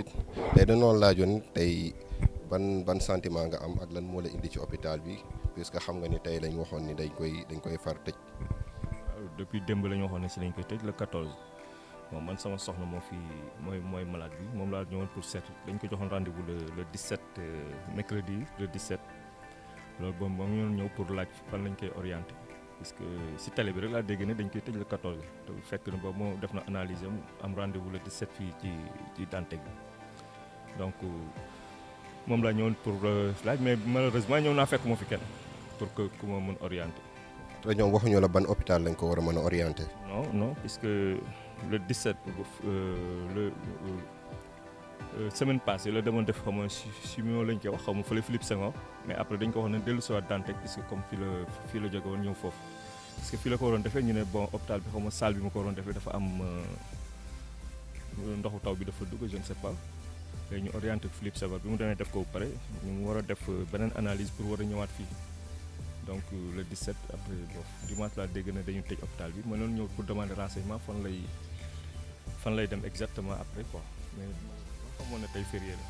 it tey dañoo laajoon tey ban ban sentiment nga am ak lan moo la indi ci hôpital bi puisque xam nga ni tey lañ waxoon ni dañ koy dañ koy far tëj. depuis démb la ñu waxoon ne si lañ koy tëj le 14 moom man sama soxna moo fi mooy mooy malade bi moom laa ñëwoon pour seet dañ ko joxoon rendez-vous le le 17 euh, mercredi le 17 loolu boobu moom ñoo ñëw pour laaj fan lañ koy orienté. parce que si télé bi la laa dégg ne dañ koy tëj le 14 te nous na ba moo def na analyse am rendez-vous le 17 fii ci ci Dantec donc euh, moom laa ñëwoon pour euh, slide, mais malheureusement ñëw naa fait moo fi kenn pour que ku ma mën orienter. te ñoom waxuñu la ban hôpital lañ ko war a mën orienter. non non puisque le 17 euh, le. Euh, semaine passée la demoon def xaw chimio lañ koy wax xaw ma fële Philippe Senghor mais après dañ ko wax ne dellu si waat Dantec puisque comme fii la fii la ñëw foofu parce fii la ko waroon defee ñu ne bon hôpital bi xaw ma salle bi mu ko waroon defee dafa am euh, ndoxu taw bi dafa dugg je ne sais pas léegi ñu orienté Philippe Senghor bi mu demee def ko bu pare ñu war a def euh, beneen analyse pour war a ñëwaat fii donc le 17 après bon dimanche laa dégg na dañu tëj hôpital bi ma noonu ñëw pour demander renseignement fan lay fan lay dem exactement après quoi mais. xamoon na tey férié la.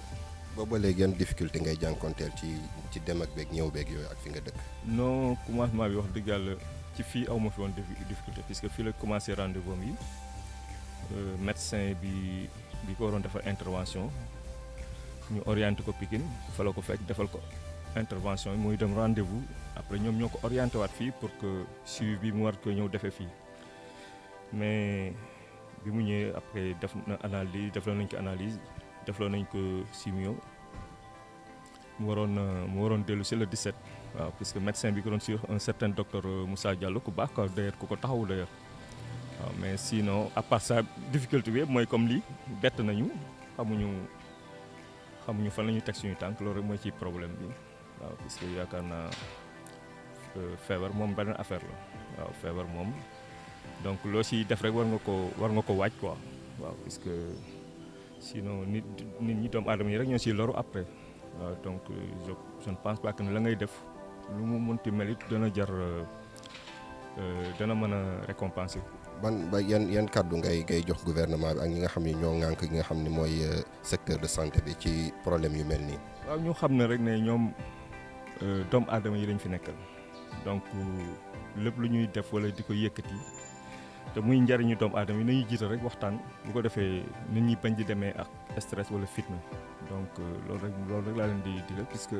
booba léegi yan difficulté ngay jànkonteel ci ci dem ak beeg ñëw beeg yooyu ak fi nga dëkk. non commencement bi wax dëgg yàlla ci fii aw ma fi woon difficulté puisque fii la commencé rendez-vous am yi euh, médecin bi bi ko waroon defal intervention ñu orienté ko Pikine fa la ko fekk defal ko intervention muy dem rendez-vous après ñoom ñoo ko orienté waat fii pour que suivi bi mu war ko ñëw defee fii mais bi mu ñëwee après def na analyse def nañ ko analyse. defloo nañ ko simio mu waron eh, mu waron delu ci le 17 ah, waaw puisque médecin bi ko don sur un certain docteur eh, Moussa Diallo ko baax quoi d'ailleurs ku ko taxawu d'ailleurs wa ah, mais sinon à part ça difficulté bi moy comme li bet nañu xamuñu xamuñu fa lañu tek suñu tank tànk rek moy ci problème bi waaw ah, puisque yaakaar naa euh, feebar moom benn affaire la wa fever mom donc lo ci def rek war nga ko war nga ko waaj quoi waaw puisque sinon nit nit ñi doomu aadama yi rek ñoo si loru après donc je je pense pas que la ngay def lu mu mënti mel it dana jar euh, euh, dana mën a récompenser. ban ba yan yan kàddu ngay ngay jox gouvernement bi ak ñi nga xam ni ñoo ŋànk ñi nga xam ni mooy euh, secteur de santé bi ci problème yu mel nii. waaw ñu xam ne rek ne ñoom doomu aadama yi lañ fi nekkal donc lépp lu ñuy def wala di ko yi te muy njariñu doomu aadama yi nañuy jiital rek waxtaan bu ko defee nit ñi bañ di demee ak stress wala fitna donc euh, loolu rek loolu rek laa leen di digal puisque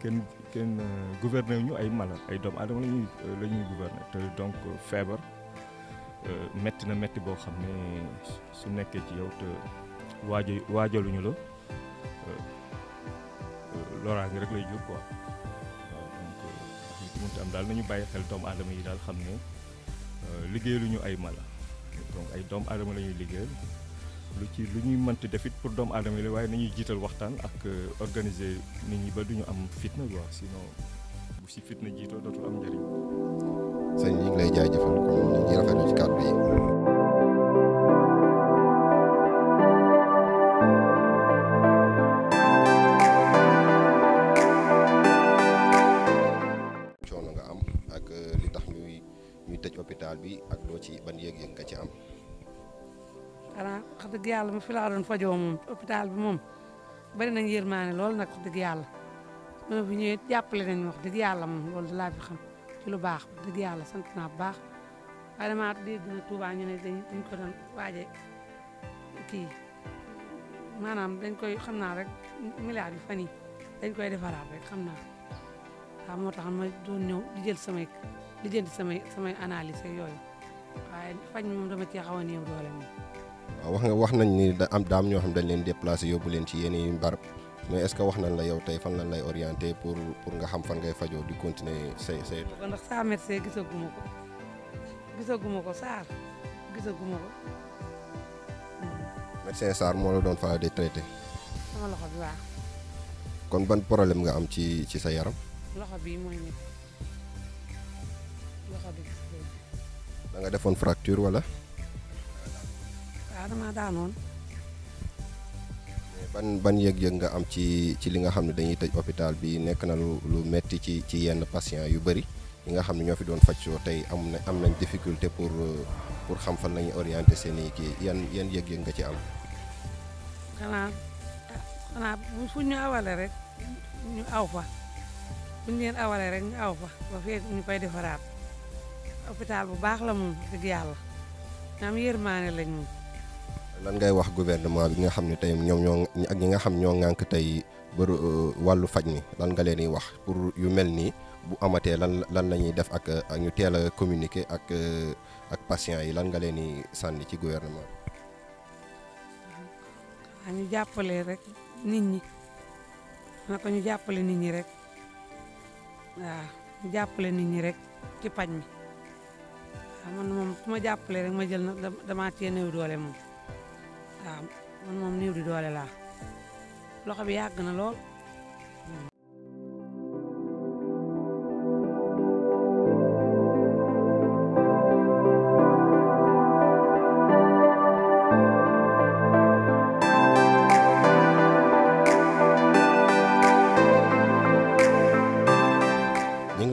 kenn kenn euh, gouverner ñu ay malade ay doomu adama la ñuy euh, la ñuy gouverner te donc feebar metti na metti boo xam ne su nekkee ci yow te waajo waajaluñu la loraa ngi rek lay jur quoi waaw donc mënta am daal nañu bàyyi xel doomu aadama yi daal xam ne Euh, liggéeyaluñu ay mala donc ay doomu aadama la ñuy liggéeyal lu ci lu ñuy mënti def it pour doomu aadama la waaye nañuy jiital waxtaan ak euh, organiser nit ñi ba duñu am fitna quoi sinon bu si fitna jiitoo dootul am njëriñ sëñ ñu ngi lay jaajëfal kon ñu ci kàddu yi xanaa wax dëgg yàlla mu fi laa doon fajoo moom hôpital bi moom bari nañ yërmaane lool nag wax dëgg yàlla moom fi ñëwee jàppale nañ wax dëgg yàlla moom loolu da laa fi xam ci lu baax wax dëgg yàlla sant naa bu baax waaye damaa dégg na ñu ne dañ ko doon maanaam dañ koy xam naa rek milliards fan yi dañ koy defaraat rek xam naa waaw moo tax ma doon ñëw di jël samay di jënd samay samay analyse yooyu waaye faj moom dama cee xaw a néew doole moom wax nga wax nañ ni da am dam ñoo xam dañ leen déplacer yobul leen ci yenn yi barab mais est ce que wax nañ la yow tay fan lañ lay orienter pour pour nga xam fan ngay fajo di continuer say say. ndax saa médecin gisaguma ko gisaguma ko saar gisaguma ko. Hmm. médecin saar moo la doon fa di traité. sama loxo bi wax kon ban problème nga am ci ci sa yaram. loxo bi moy ni loxo bi. da nga defone fracture wala dama daanoon ban ban yëg yeug nga am ci ci li nga xamni dañuy tej hôpital bi nek na lu lu metti ci ci yenn patient yu bari yi nga xamni ñofi doon faccio tay am na am nañ difficulté pour pour xam fa lañuy orienter seen i kii yenn yan yëg yëg nga ci am xanaa bu fu ñu awale rek ñu aw fa bu ñeen awale rek ñu aw fa ba fee ñu fay defaraat hôpital bu baax la mu deug yalla ñam yermane lañ moom lan ngay wax gouvernement bi nga xamni tay ñom ñoo ak ñi nga xam ñoo ngank tay bu euh, walu fajj ni lan nga leen di wax pour yu melni bu amate lan lan lañuy def ak ñu téla communiquer ak euh, ak patient yi lan nga leen di sànni ci gouvernement bi. Ah, ñu jàppale rek nit ñi na ko ñu jappalé nit ñi rek wa ñu jàppale nit ñi rek ci fajj mi waaw ah, man moom su ma rek ma jël na dama téne néew doole mom waaw ah, man moom néew di doole laa loxo bi yàgg na lool. ñu ngi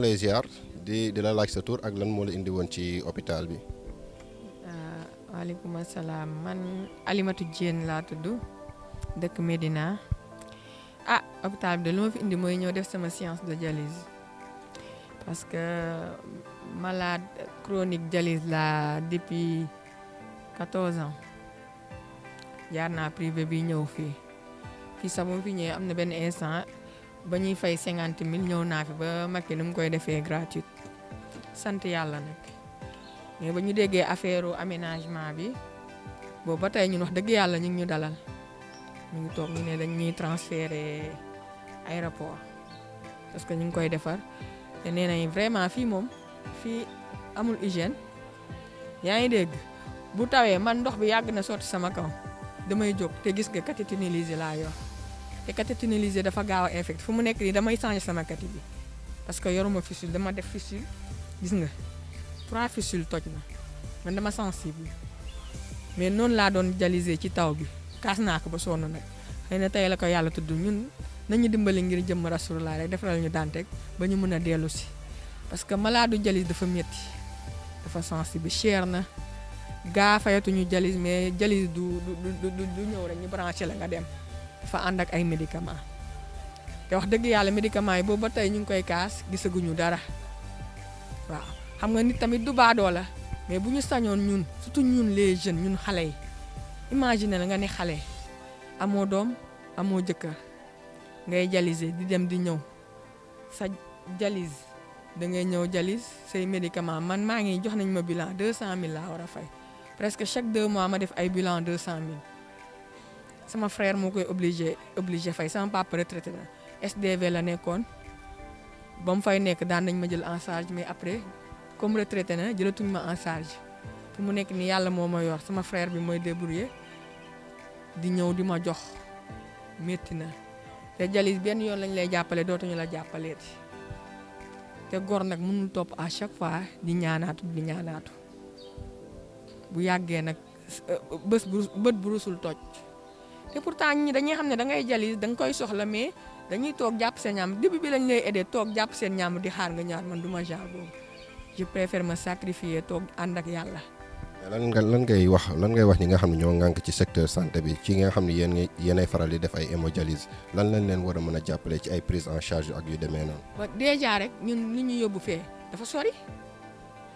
lay ziar di di la laaj sa tur ak lan moo la indi woon ci hôpital bi. waaleykum asalaam man Alimatu Dieng laa tudd dëkk Medina ah hôpital de lu ma fi indi mooy ñëw def sama séance de dialyse parce que malade chronique dialyse laa depuis 14 ans jaar naa privé bi ñëw fii fii sax bu fi ñëwee am na benn instant ba ñuy fay cinquante mille ñëw naa fi ba Macky nu mu koy defee gratuite sant yàlla nag. mais ba ñu déggee affaire aménagement bi boobu ba tey ñun wax dëgg yàlla ñu ngi ñu dalal ñu ngi toog ñu ne dañ ñuy transféré aéroport parce que ñu ngi koy defar te nee nañ vraiment fii moom fii amul hygiène yaa ngi dégg bu tawee man ndox bi yàgg na sotti sama kaw damay jóg te gis nga kati tunélise laa yor te kati tunélise dafa gaaw a fu mu nekk nii damay changé sama kati bi parce que yoruma fistule dama def fistule gis nga. trois fissule toj na man dama sensible mais noonu laa doon jalisé ci taw bi kaas naa ko ba sonn nag xëy na tey la ko yàlla tudd ñun nañu dimbali ngir jëmm rasulullah rek defaral ñu dantek ba ñu mën a dellu parce que malade jalis dafa métti dafa sensible cher na gaa fayatuñu jalis mais jalis du du du du ñëw rek ñu branché la nga dem dafa ànd ak ay médicament te wax dëgg yàlla médicament yi boobu ba tey ñu koy kaas gisaguñu dara waaw xam nga nit tamit du baadoo la mais bu ñu sañoon ñun surtout ñun les jeunes ñun xale yi imagine la nga ne xale amoo doom amoo jëkkër ngay dialyser di dem di ñëw sa jalis da ngay ñëw jalis say médicament man maa ngi jox nañ ma bilan 200000 laa war a fay presque chaque deux mois ma def ay bilan 200000 sama frère moo koy obligé obligé fay sama papa retraité na SDV la nekkoon ba mu fay nekk daan nañ ma jël en charge mais après. comme retraité na jëlatuñ ma en charge fu mu nekk ni yàlla moo ma yor sama frère bi mooy débrouiller di ñëw di ma jox metti na te jalis benn yoon lañ lay jàppale dootuñu la jàppaleeti te gor nag mënul topp à chaque fois di ñaanaatu di ñaanaatu bu yàggee nag euh, bés bu bët bu rusul toj te pourtant ñi dañuy xam ne da ngay jalis da nga koy soxla mais dañuy toog jàpp seen ñaam début bi lañ lay aidé toog jàpp seen ñaam di xaar nga ñaar man du ma genre boobu je préfère sacrifier toog ànd ak yàlla. lan nga lan ngay wax lan ngay wax ñi nga xam ne ñoo ngànk ci secteur santé bi ci nga xam ne yéen yéenay faral di def ay hémodialyse lan lañ leen war a mën a jàppale ci ay prise en charge ak yu demee noonu. ba dèjà rek ñun li ñu yóbbu fee dafa sori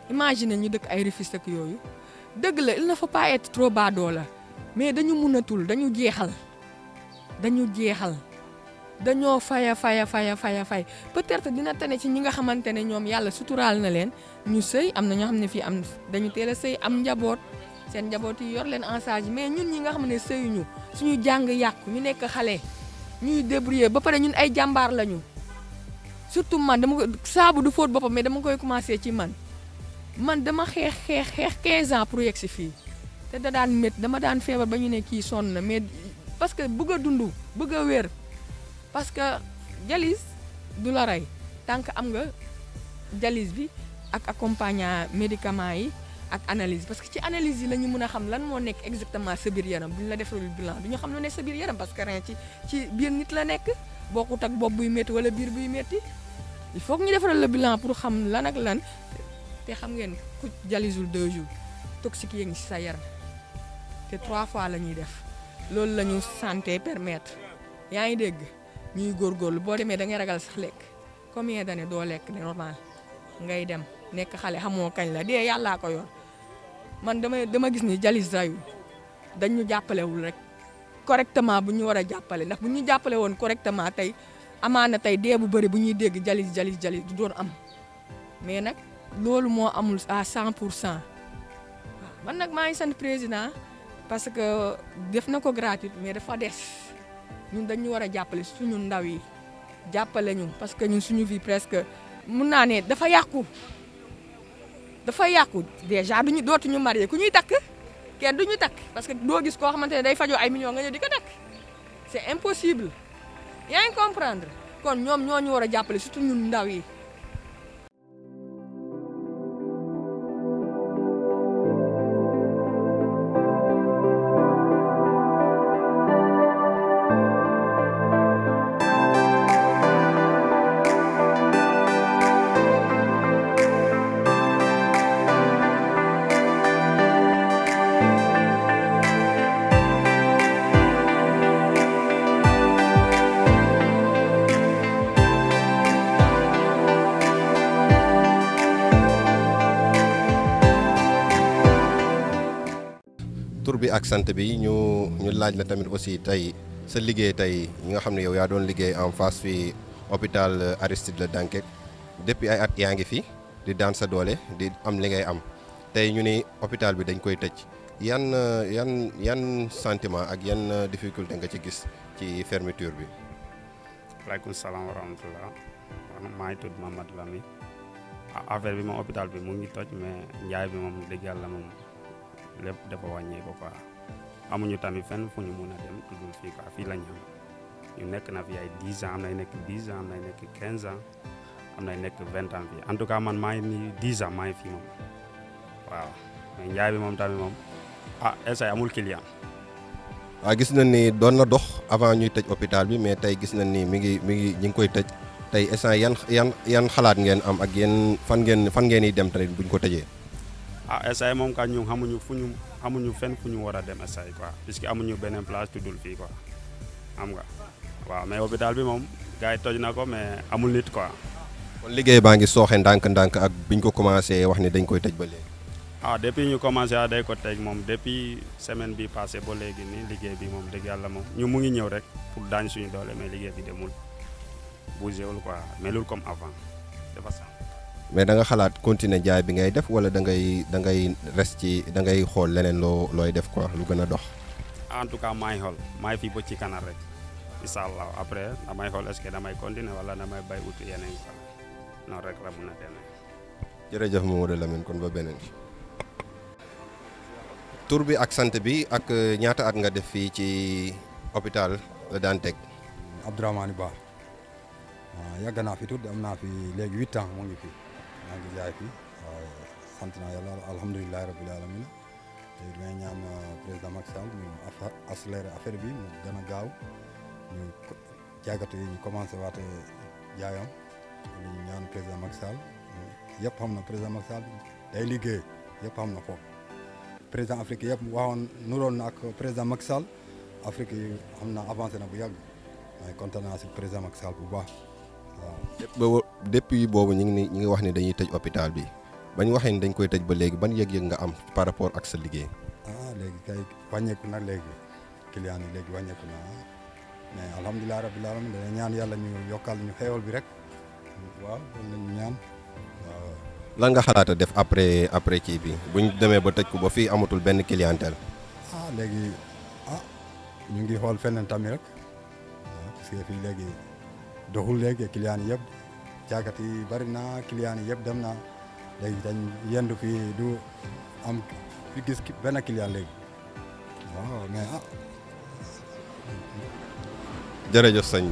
imagine ñu dëkk ay refus ak yooyu dëgg la il ne faut pas être trop bas doole mais dañu mënatul dañu jeexal dañu jeexal. dañoo faya faya faya faya fay peut-être dina tane ci ñi nga xamante ne ñoom yàlla suturaal na leen ñu sëy am na ñoo xam ne fii am dañu teel a sëy am njaboot seen njaboot yi yor leen en charge mais ñun ñi nga xam ne sëyuñu suñu jàng yàqu ñu nekk xale ñuy débrouiller ba pare ñu ñun ay jàmbaar lañu surtout man dama ko saabu du fóot boppam mais dama koy commencé ci man man dama xeex xeex xeex 15 ans pour yegg si fii te da daan métti dama daan feebar ba ñu ne kii sonn na mais parce que bëgg a dund a wér. parce que jalis du la ray tank am nga jalis bi ak accompagnant médicament yi ak analyse parce que ci analyse yi lañu mëna xam lan mo nek exactement sa bir yaram buñ la def le bilan duñu xam lu nek sa bir yaram parce que rien ci ci bir nit la nek bokut ak bob buy metti wala bir buy metti il faut ñu defaral le bilan pour xam lan ak lan te xam ngeen ku jalisul deux jours toxique yi sa yaram te trois fois lañuy def lolou lañu santé permettre yaa dégg ñuy góorgóorlu boo demee da ngay ragal sax lekk combien d'années doo lekk ngay dem nekk xale xamoo kañ la dee yàllaa ko yor man dama dama gis ni jalis rayu dañ ñu jàppalewul rek correctement bu ñu war a jàppale ndax bu ñu jàppale woon correctement tey amaana tey dee bu bëri bu ñuy dégg jalis jalis jalis du doon am mais nag loolu moo amul à 100 pour cent waaw man nag maa ngi sant président parce que def na ko gratuite mais dafa des. ñun dañu war a jàppale suñu ndaw yi jàppale ñu parce que ñun suñu vie presque mun naa ne dafa yàqu dafa yàqu déjà duñu ñu marié ku ñuy takk kenn duñu takk parce que doo gis koo xamante ne day fajoo ay millions nga ñëw di ko takk c'est impossible yaa ngi comprendre kon ñoom ñoo ñu war a jàppale surtout ñun ndaw yi bi ak sant bi ñu ñu laaj la tamit aussi tey sa liggéey tey ñi nga xam ne yow yaa doon liggéey en face fi hôpital Aristide la Dantec depuis ay at yaa ngi fi di daan sa doole di am li ngay am tey ñu ni hôpital bi dañ koy tëj yan yan yan sentiment ak yan difficulté nga ci gis ci fermeture bi. waaleykum salaam wa rahmatulah bi moom hôpital bi mu ngi toj mais njaay bi moom dëgg yàlla moom. lépp dafa wàññeeku quoi amuñu tamit fenn fu ñu mun a dem dudul fii quoi fii lañ am ñu nekk na fi ay dix ans am nay nekk dix ans am nay quinze ans am nay nekk vingt ans fii en tout cas man maa ngi nii dix ans maa ngi fii moom waaw mais njaay bi moom tamit moom ah essay amul client. waaw gis nañ ni doon na dox avant ñuy tëj hôpital bi mais tey gis nañ nii mi ngi mi ngi ñi ngi koy tëj tey instant yan yan yan xalaat ngeen am ak yéen fan ngeen fan ngeen yi dem tamit buñ ko tëjee. ah SAE moom ka ñu xamuñu fu ñu xamuñu fen fu ñu war a dem SAE quoi puisque amuñu beneen place tuddul fii quoi xam nga waaw mais hôpital bi moom gars yi toj na ko mais amul nit quoi. kon liggéey baa ngi sooxe ndànk-ndànk ak biñ ko commencé wax ni dañ koy tej ba léegi. ah depuis ñu commencé ah day ko teg moom depuis semaine bi passé ba léegi nii liggéey bi moom dëgg yàlla moom ñu mu ngi ñëw rek pour daañ suñu doole mais liggéey bi demul bougéwul quoi melul comme avant dafa sax. mais da nga xalaat continuer jaay bi ngay def wala da ngay da ngay res ci da ngay xool leneen loo looy def quoi lu gën a dox en tout cas may xool may fi ba ci kanam rek insha allah après damay xool est ce que damay continuer wala damay bay ut yeneen non rek la mun a demee jërëjëf Mamadou Lamine kon ba beneen tour bi ak sant bi ak euh, ñaata at nga def fii ci hôpital Dantec Abdourahmane Ba ah, yàgg naa fi tudd am naa fi léegi 8 ans mu ngi fii maa ngi jaay fii waaw sant naa yàlla alhamdulilah rabil alamin te may ñaan euh, président Macky ñu accéléré affaire bi mu gën a gaaw ñu jaagatu yi ñu commencé waate jaayam ñu ñaan président Macky Sall yëpp xam na président Macky day liggéey yëpp xam na foofu président Afrique yëpp waxoon nuroon na ak président Macky Sall Afrique yi xam naa avancé na bu yàgg may kontaan naa si président Macky bu baax waaw depuis boobu ñu ngi ni ñu ngi wax ni dañuy tëj hôpital bi bañ waxee ni dañ koy tëj ba léegi ban yëg-yëg nga am par rapport ak sa liggéey. Ah, léegi kay wàññeeku nag léegi client yi léegi wàññeeku na ah. mais alhamdulilah ñaan yàlla ñu yokkal ñu xéewal bi rek waaw loolu la lan nga xalaata def après après ci bi buñ demee ba tëj ko ba fii amatul benn clientèle. Ah, léegi ah ñu ngi xool feneen tamit rek parce que fii léegi. doxul léegi client yi yëpp jaakati bari na client yi yëpp dem na léegi dañ yendu fii du am fi gis benn client léegi waaw mais ah. jërëjëf sëñ